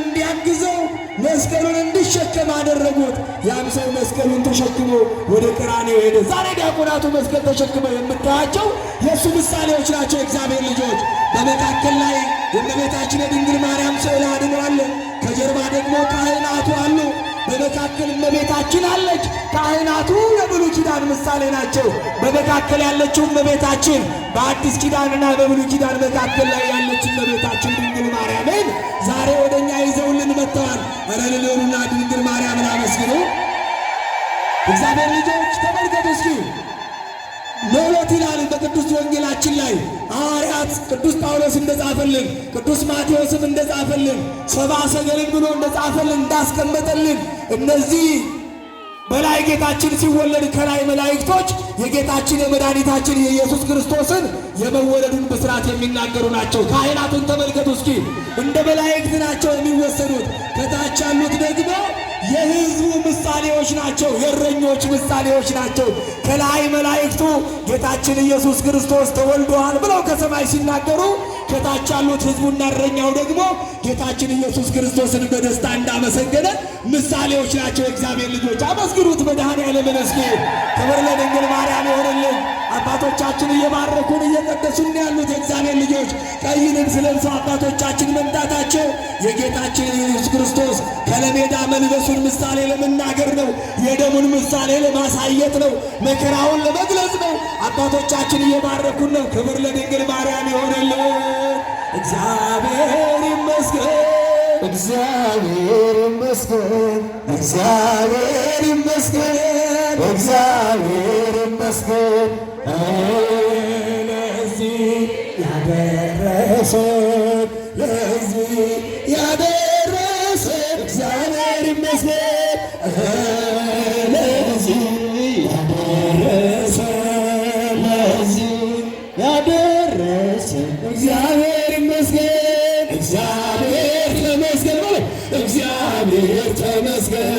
እንዲያግዘው መስቀሉን እንዲሸከም አደረጉት። ያም ሰው መስቀሉን ተሸክሞ ወደ ቀራንዮ ሄደ። ዛሬ ዲያቆናቱ መስቀል ተሸክመው የምታያቸው የእሱ ምሳሌዎች ናቸው። እግዚአብሔር ልጆች በመካከል ላይ የእመቤታችን የድንግል ማርያም ስዕል አድኗል። ከጀርባ ደግሞ ካህናቱ አሉ። በመካከል እመቤታችን አለች። ካህናቱ የብሉይ ኪዳን ምሳሌ ናቸው። በመካከል ያለችው እመቤታችን በአዲስ ኪዳንና በብሉይ ኪዳን መካከል ላይ ያለች እመቤታችን ድንግል ማርያምን ዛሬ ወጥተዋል። ረልሉና ድንግል ማርያም ላመስግኑ። እግዚአብሔር ልጆች ተመልከቱ እስኪ ሎሎት ይላል በቅዱስ ወንጌላችን ላይ ሐዋርያት ቅዱስ ጳውሎስ እንደጻፈልን ቅዱስ ማቴዎስም እንደጻፈልን ሰብአ ሰገልን ብሎ እንደጻፈልን እንዳስቀመጠልን እነዚህ በላይ ጌታችን ሲወለድ ከላይ መላእክቶች የጌታችን የመድኃኒታችን የኢየሱስ ክርስቶስን የመወለዱን ብስራት የሚናገሩ ናቸው። ካህናቱን ተመልከቱ እስኪ እንደ መላእክት ናቸው የሚወሰዱት። ከታች ያሉት ደግሞ የሕዝቡ ምሳሌዎች ናቸው፣ የእረኞች ምሳሌዎች ናቸው። ከላይ መላእክቱ ጌታችን ኢየሱስ ክርስቶስ ተወልዶሃል ብለው ከሰማይ ሲናገሩ ከታች ያሉት ህዝቡና እረኛው ደግሞ ጌታችን ኢየሱስ ክርስቶስን በደስታ እንዳመሰገነ ምሳሌዎች ናቸው። እግዚአብሔር ልጆች አመስግኑት። መድኃኔዓለምን እስኪ ክብር ለድንግል ማርያም ይሆንልን። አባቶቻችን እየባረኩን እየቀደሱን ያሉት የእግዚአብሔር ልጆች ቀይ ልብስ ለብሰው አባቶቻችን መምጣታቸው የጌታችን ኢየሱስ ክርስቶስ ከለሜዳ መልበሱን ምሳሌ ለመናገር ነው። የደሙን ምሳሌ ለማሳየት ነው። መከራውን ለመግለጽ ነው። አባቶቻችን እየባረኩን ነው። ክብር ለድንግል ማርያም እግዚአብሔር ይመስገን፣ እግዚአብሔር ይመስገን፣ እግዚአብሔር ይመስገን፣ እግዚአብሔር ይመስገን ለዚህ ያደረሰን ለዚህ ተመስገን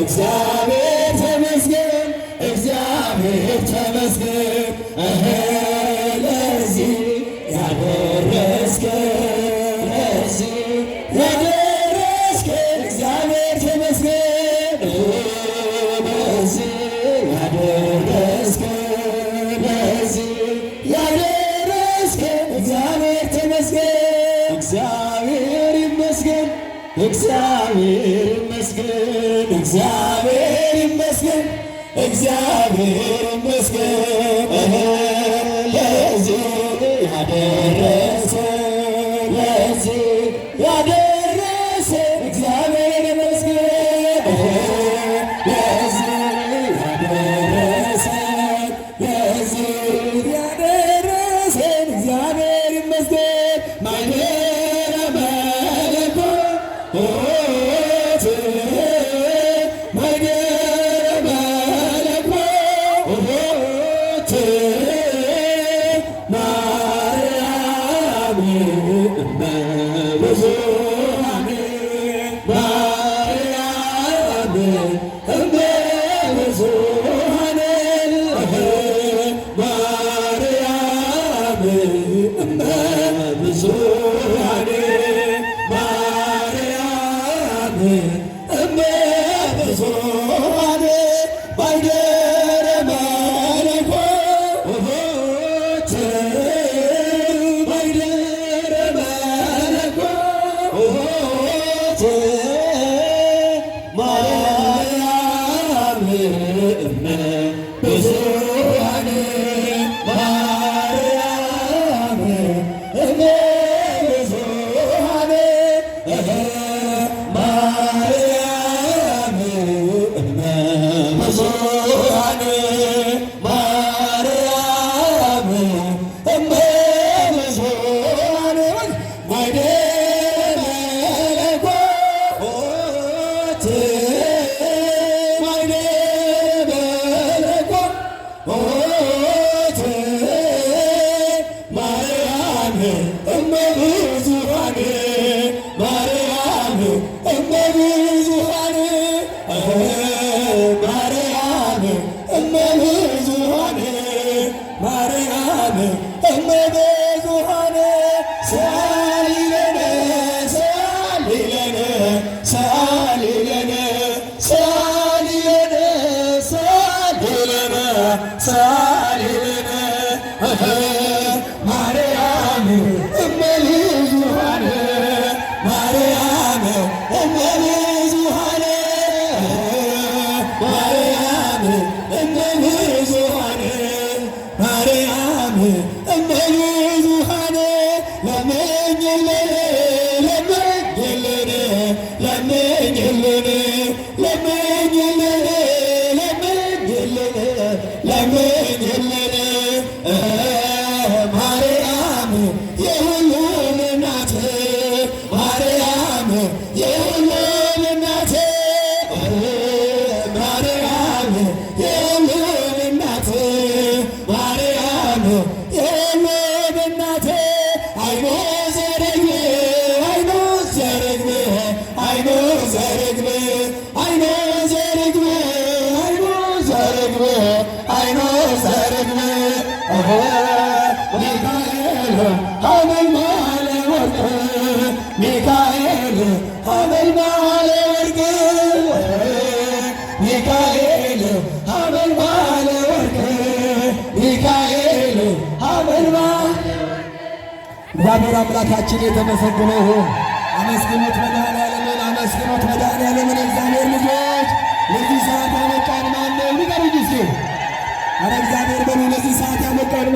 እግዚአብሔር ተመስገን እግዚአብሔር ተመስገን ለዚህ ያደረስከን ለዚህ ያደረስከን እግዚአብሔር ተመስገን ለዚህ ያደረስከን ለዚህ ያደረስከን እግዚአብሔር ተመስገን እግዚአብሔር ይመስገን፣ እግዚአብሔር ይመስገን፣ እግዚአብሔር ይመስገን ለዚህ ያደረ Yeah. ያለን የለን ሰርግብ አይኖር ሰርግብ ሚካኤል ሀበልማለ ወርቅ ሚካኤል ሀበልማለ ወርቅ ሚካኤል ሀበልማለ ወርቅ ሚካኤል ሀበልማ እግዚአብሔር አምላካችን የተመሰገነ ይሁን። አመስግኖት መድኃኔዓለምን፣ አመስግኖት መድኃኔዓለምን። እግዚአብሔር ልጆች ለዚህ ሰዓት አረ እግዚአብሔር በሚነዚህ ሰዓት ያመጣል።